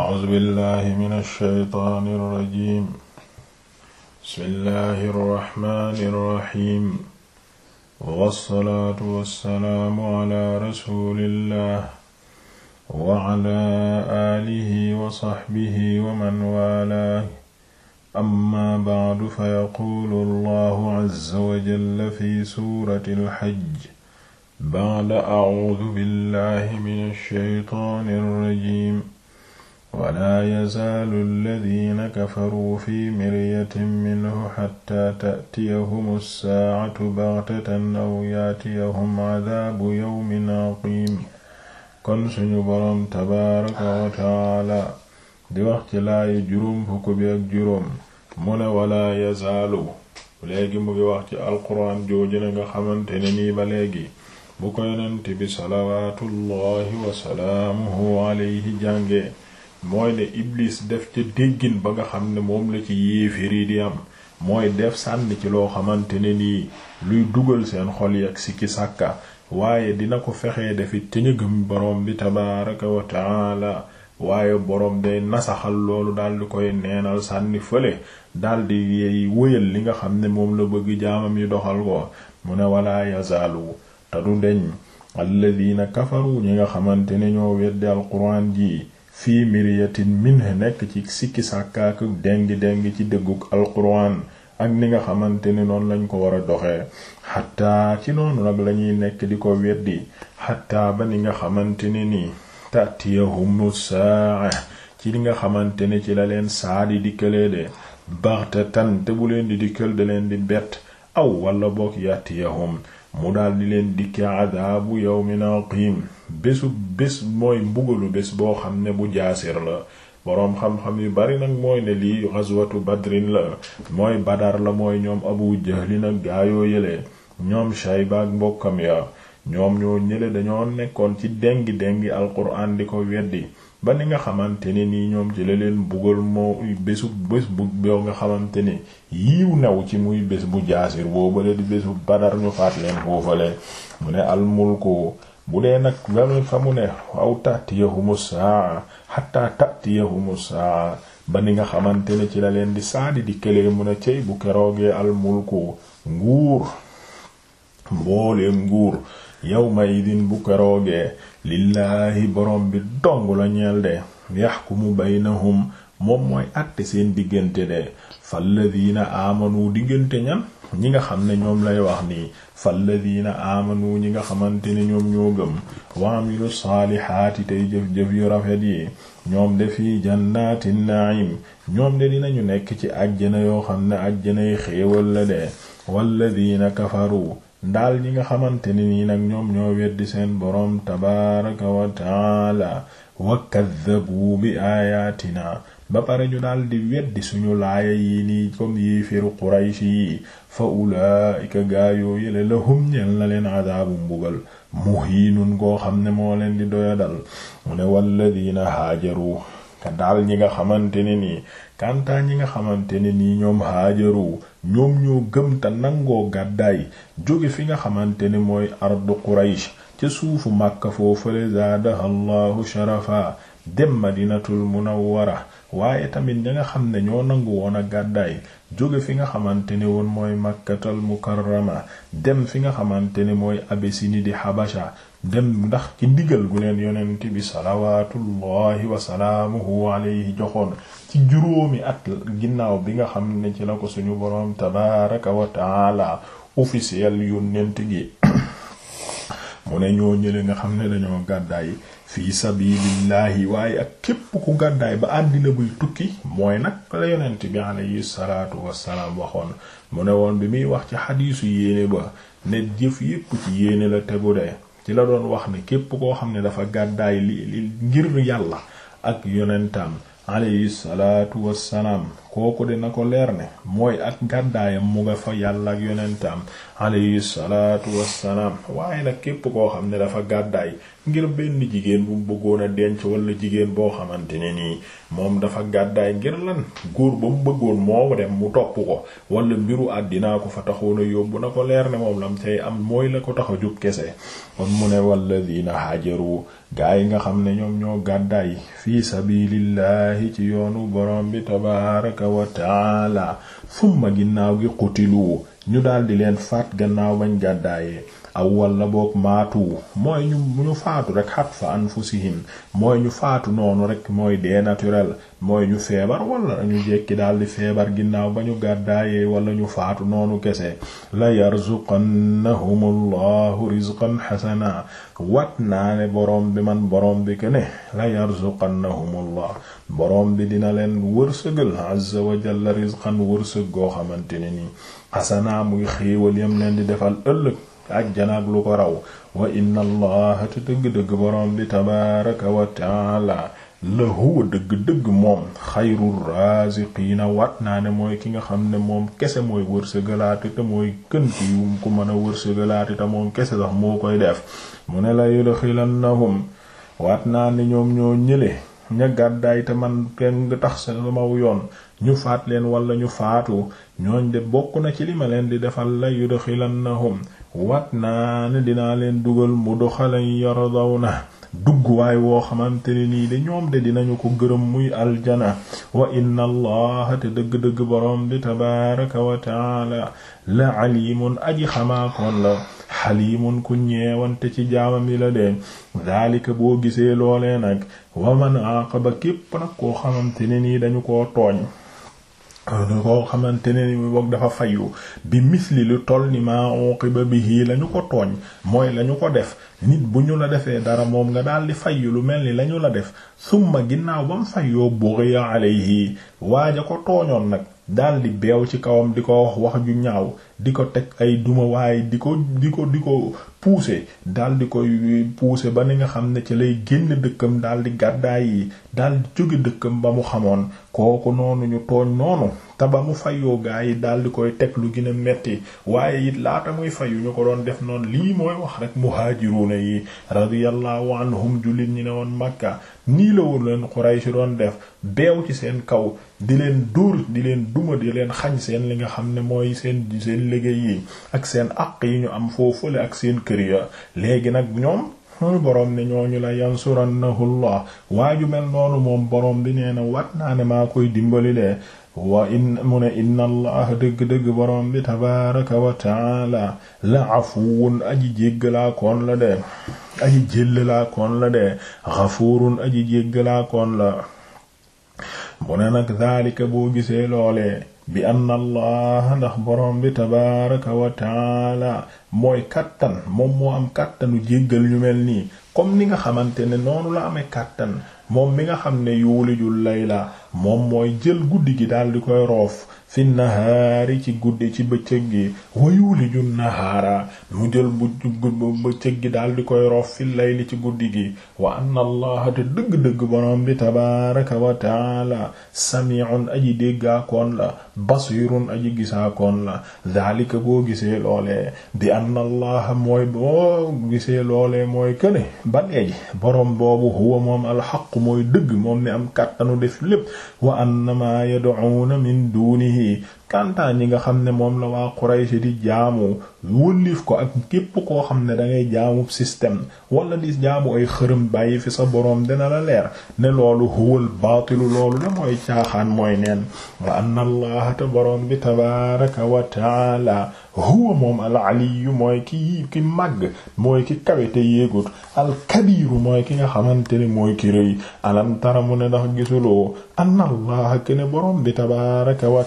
أعوذ بالله من الشيطان الرجيم بسم الله الرحمن الرحيم والصلاة والسلام على رسول الله وعلى آله وصحبه ومن والاه أما بعد فيقول الله عز وجل في سورة الحج بعد أعوذ بالله من الشيطان الرجيم wala yazaalu alladina kafaruu fi miryatin minhu xatta taatiyahum alsaacatu baxtatan aw yaatiyahum cadaabu yawmin caqiim kon suñu boroom tabaaraka wa taala di wax ci laayi juróom fukk bi ak juróom mu ne wala yazaalu léegi mu ngi wax ci alquraan jooju na nga xamante ne nii ba léegi bu ko yonent bi salawaatullahi wa salaamuhu alayhi jànge mooy ne iblis def ca déggin ba nga xam ne moom la ci yéefér yi di am mooy def sànni ci loo xamante ne nii luy dugal seen xol yi ak waaye dina ko fexee defit ca ñu gëm boroom bi tabaraka wa taala waaye borom day nasaxal loolu di koy neenal sànni fële daldi yeey wëyal li nga xam ne moom la bëgg jaamam yi doxal ko mu ne wala yazaalu te du deñ alladina kafaru ñi nga xamante ne ñoo weddi alquran ji fii miriyatin minhu nekk ci sikki sàkkaak dengi dengi ci dëggug alquran ak ni nga xamante ni noonu lañ ko war a doxee xataa ci noonu nag lañuy nekk di ko weddi xataa ba ni nga xamante ni nii tatiyahumu saa ci li nga xamante ni ci la leen saa di dikkalee de baxtatan te bu leen di dikkal da leen di bett aw wala boog yatiyahum mu daldi leen dikki adaabu yawmin aqim bésu bés mooy mbugalu bés boo xam ne bu jaasir la boroom xam-xam yu bari nag mooy ne lii ghazwatu badrin la mooy badar la mooy ñoom abu jahli nag gaayoo yële ñoom shayba ak mbokkam ya ñoom ñoo ñële dañoo nekkoon ci déngi dengi alquran di ko weddi ba ni nga xamante ne nii ñoom ci la leen bugal moo bésu bés bu boo nga xamante ne yiiw new ci muy bés bu jaasir boobale di bésu badar ñu faat leen foofale mu ne almulku bu dee nag nga fa mu ne aw tatiyahumu saa hatta tatiyahumu saa ba ni nga xamante ne ci la leen di saadi di këlee mu ne cey bu keroogee almulku nguur mbooleem nguur yawma idin bu keroogee lillaahi borom bi dong la ñeel de yaxkumu baynahum moom mooy àtte seen diggante de falladiina aamanu diggante ñan ñi nga xam ne ñoom lay wax nii falladiina aamanu ñi nga xamante ne ñoom ñoo gëm wa amilu saalihaati tey jëf-jëf yu rafet yi ñoom de fii jannaati naim ñoom de dinañu nekk ci àjjana yoo xam ne àjjanay xéewal la de walladiina kafaru ndaal ñi nga xamante ne nii nag ñoom ñoo weddi seen boroom tabaaraka wa taala wa kaddabu bi aayaatina ba pare ñu daal di weddi suñu laaya yi nii comme yéefiru Quraysh yi fa ulaa'ika gaayoo yële lahum ñeel na leen adaabu mbugal muhiinun koo xam ne moo leen di doya dal mu ne walladiina haajaru te daal ñi nga xamante ne nii kantaa ñi nga xamante ne nii ñoom haajaru ñoom ñoo gëm te nangoo gàddaay jóge fi nga xamante ne mooy ardu Quraysh ca suufu Makka foofale zaadaha allahu sharafa dem madinatul munawwara waaye tamit ña nga xam ne ñoo nangu woon a gàddaay jóge fi nga xamante ne woon mooy makkatal mukarrama dem fi nga xamante ne mooy abesini di habasha dem ndax ci digal gu leen yonent bi salawaatullahi wa salaamuhu alayhi joxoon ci juróomi at ginnaaw bi nga xam ne ci la ko suñu boroom tabaaraka wa taala officiel yonent gi mu ne ñoo ñële nga xam ne dañoo gàddaay fii sabilillahi waaye ak képp ku gàddaay ba àddina buy tukki mooy nag la yonent bi alayhi salaatu wassalaam waxoon mu ne woon bi muy wax ci xadiisu yéene ba ne jëf yépp ci yéene la tegu de ci la doon wax ne képp koo xam ne dafa gàddaay li ngir yàlla ak yonentam alayhi salaatu wassalaam kooku na ko leer ne mooy ak gàddaayam mu nga fa yàlla ak yonentam alayhi salaatu wassalaam waaye nag képp koo xam ne dafa gàddaay ngir benn jigéen bu bëggoon a denc wala jigéen boo xamante ne nii moom dafa gàddaay ngir lan góor ba mu bëggoon moo dem mu topp ko walla mbiru àddinaa ko fa taxoon yóbbu na ko leer ne moom lam cay am mooy la ko tax a jóg kese kon mu ne walladina hajaru gaa yi nga xam ne ñoom ñoo gàddaay fii ci yoonu borom bi tabaarak tabaaraka wa taala ginnaaw gi qutilu ñu daldi leen faat gannaaw bañ gàddaayee aw walla boog maatu mooy ñu faatu rek xat fa anfusihim mooy ñu faatu noonu rek mooy dee naturel mooy ñu feebar wala ñu jekki daal di feebar ginnaaw ba ñu gàddaayee wala ñu faatu noonu kese la yarzuqannahum allahu rizqan xasana wat naa ne boroom bi man boroom bi ke ne la yarzuqannahum boroom bi dina leen wërsëgal azza wa jalla rizqan wërsëg goo xamante ne nii xasanaa muy xéewal yam leen di defal ëllëg àjjana ak lu ko raw wa inna te dëgg-dëgg borom bi tabaraka wa taala la huwa dëgg-dëgg moom xayrul raziqiina wat naa ne mooy ki nga xam ne moom kese mooy wërsëgalaate te mooy kën ki yum ku mën a wërsëgalaate te moom kese sax moo koy def mu ne la yudxilannahum waat naa ne ñoom ñoo ñële ña gàddaay te man kenn nga tax sama yoon ñu faat leen wala ñu faatu ñooñ de bokk na ci li ma leen di defal la yudxilannahum wat naa ne dinaa leen dugal mu doxalan yardaw na dugg waay woo xamante ne nii de ñoom de dinañu ko gërëm muy aljana wa inna allaha te dëgg-dëgg boroom bi tabaraka wa taala la alimun aji xamaakoon la xalimun ku ñeewante ci jaamam yi la de daalika boo gisee loolee nag wa man aqaba képp nag koo xamante ne nii dañu ko tooñ ñu euh, ko xamante ne ni boog dafa fayu bi misli lu toll ni maa uqiba bihi la ñu ko tooñ mooy la ñu ko def nit bu ñu la defee dara moom nga daal di fayu lu mel ni la ñu la def summa ginnaaw ba mu fayoo bughiya alayhi waaja ko tooñoon nag daldi beew ci kawam di ko wax wax ju ñaaw di ko teg ay duma waaye di ko di ko di ko pousser daldi koy pousser ba ni nga xam ne ci lay génn dëkkam daldi gàddaay yi daldi jóge dëkkam ba mu xamoon kooku noonu ñu tooñ noonu te ba mu fayoo gaa yi daldi koy teg lu gën metti waaye it laata muy fayu ñu ko doon def noonu lii mooy wax rek muhaajiruuna yi radiyallahu anhum jullit ñi ne woon Makka nii la woon leen Quraysh doon def beew ci seen kaw di leen duur di leen duma di leen xañ seen li nga xam ne mooy seen seen liggéey yi ak seen àq yi ñu am foofule ak seen kër ya léegi nag ñoom boroom ne ñu la yansurannahu Allah waaju mel noonu moom boroom bi nee na wat naa ne maa koy dimbali de wa in mu ne inna allah dëgg-dëgg borom bi tabaraka wa la afuwun aji jéggalaa koon la aji jéllalaa koon la aji jéggalaa koon la mu ne nag daalika boo gisee loolee bi anna allah ndax borom bi tabaaraka wa mooy kàttan moom moo am kàttanu jéggal ñu mel nii comme ni nga xamante ne noonu la amee kàttan moom mi nga xam ne yuulijul layla moom mooy jël guddi gi daal di koy roof fi nahaari ci guddi ci bëccëg gi wayuliju nahaara mu jël bu bëccëg gi daal di koy rof fi layli ci guddi gi wa anna allaha te dëgg-dëgg borom bi tabaraka wa taala sami'un aji déggaakoon la basirun aji gisaakoon la daalika boo gisee loolee bi anna allaha mooy boo gisee loolee mooy këne ba léegi borom boobu huwa moom alxaqu mooy dëgg moom mi am kàttanu def lépp wa anna ma yad'una min dunihi yi kantaa ñi nga xam ne moom la waa Quraysh di jaamu wëlliif ko ak képp koo xam ne dangay jaamu système wala di jaamu ay xërëm bàyyi fi sa boroom dina la leer ne loolu huwal baatilu loolu la mooy caaxaan mooy neen wa anna allaha te boroom bi tabaraka wa taala huwa moom al aliyu mooy ki ki màgg mooy ki kawete yéegut al kabiru mooy ki nga xamante ne mooy ki rëy alam tara mu ne ndax gisuloo anna allaha kene boroom bi tabaraka wa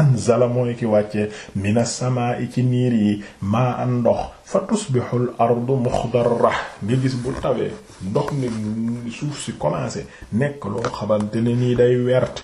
anzala mooy ki wàcce mina samaa'i ci niir yi maa an ndox fa tusbihu al ardu muxdarra gis bu tawee ndox mi suuf si commencé nekk loo xamante ne nii day wert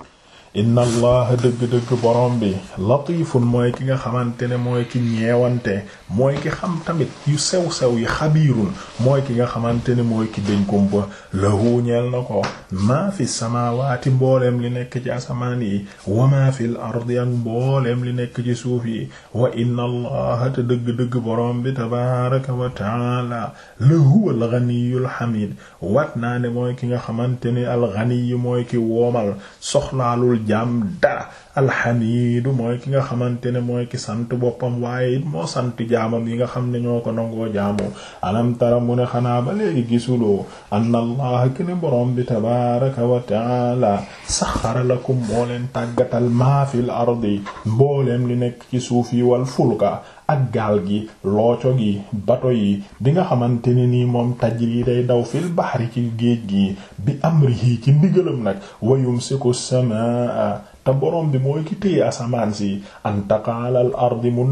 inna allaha dëgg-dëgg borom bi latifun mooy ki nga xamante ne mooy ki ñeewante mooy ki xam tamit yu sew-sew yi xabiirun mooy ki nga xamante ne mooy ki dénkumpa lahu ñeel na ko ma fi samaawaati mbooleem li nekk ci asamaan yi wa maa fil ardi ak li nekk ci suuf yi wa inna allaha te dëgg-dëgg borom bi tabaraka wa taala lahuwal ganiyul hamid wat naa ne mooy ki nga xamante ne al ganiyu mooy ki woomal soxlaalul jaam dara alxamiidu mooy ki nga xamante ne mooy ki sant boppam waaye it moo sant jaamam yi nga xam ne ñoo ko nangoo jaamoo alam tara mu xanaa ba léegi gisuloo anna allah ki borom bi tabaaraka wa taala saxara lakum moo leen tàggatal maa fil ardi mbooleem li nekk ci suuf yi wal fulka ak gaal gi looco gi bato yi bi nga xamante ne nii moom tajri day daw fil bahri ci géej gi bi amrihi ci ndigalam nag wayum siku samaa te bi mooy ki asamaan si an taqaalal ardi mu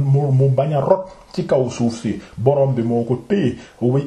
ci kaw suuf si borom bi moo ko bi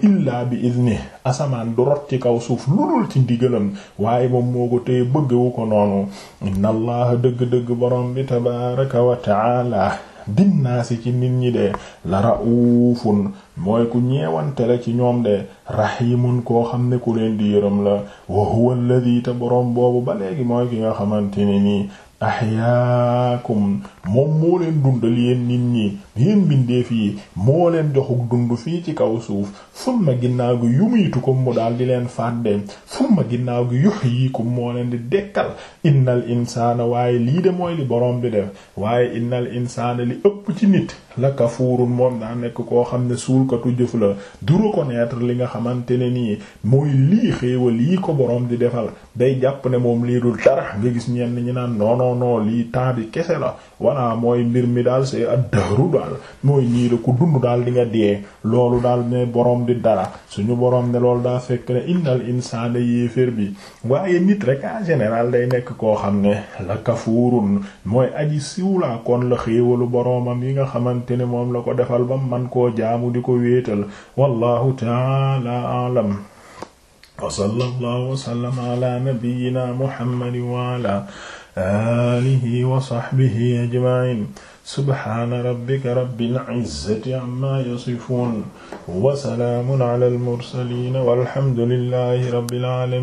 idni asamaan du rot ci kaw suuf lulul ci ndigalam waaye moom moo ko téye bëggewu ko noonu inna allaha dëgg-dëgg borom bi tabaraka wa taala binnaasi ci nit ñi de la raufun mooy ku ñeewante la ci ñoom de rax yi mun koo xam ne ku leen di yërëm la wa huwa alladhi te boroom boobu ba léegi mooy ki nga xamante ne nii ahyaakum moom moo leen dundal yéen nit ñi yéen mbindeef yi moo leen joxuk fii ci kaw suuf summa ginnaaw gi yumiitukum mu daal di leen fàdde summa ginnaaw gi yuhyikum moo leen di dekkal innal insaana waaye lii de mooy li boroom bi def waaye innal insaana li ëpp ci nit la kafuurun moom naa nekk koo xam ne suulkatu jëf la du reconnaître li nga xamante ne nii mooy lii xéewal lii ko borom di defal day jàpp ne moom lii dul dara nga gis ñenn ñi naan non non lii temps bi kese la walla mooy mbir mi daal c'est ad-dahru daal mooy nii la ku dund daal di nga dee loolu daal ne borom di dara suñu borom ne loolu daa fekk ne innal insaana yéefér bi waaye nit rek en général day nekk koo xam ne la kafuurun mooy aji siwlaa xamante ne moom la ko defal ba man koo jaamu di ko wéetal wallahu taala alam wa sallallahu wa sallama ala nabiyyina muhammadin wa ala alihi wa sahbihi ajma'in subhana rabbika rabbil izzati amma yasifun wa salaamun ala al mursalin walhamdulillahi rabbil alamin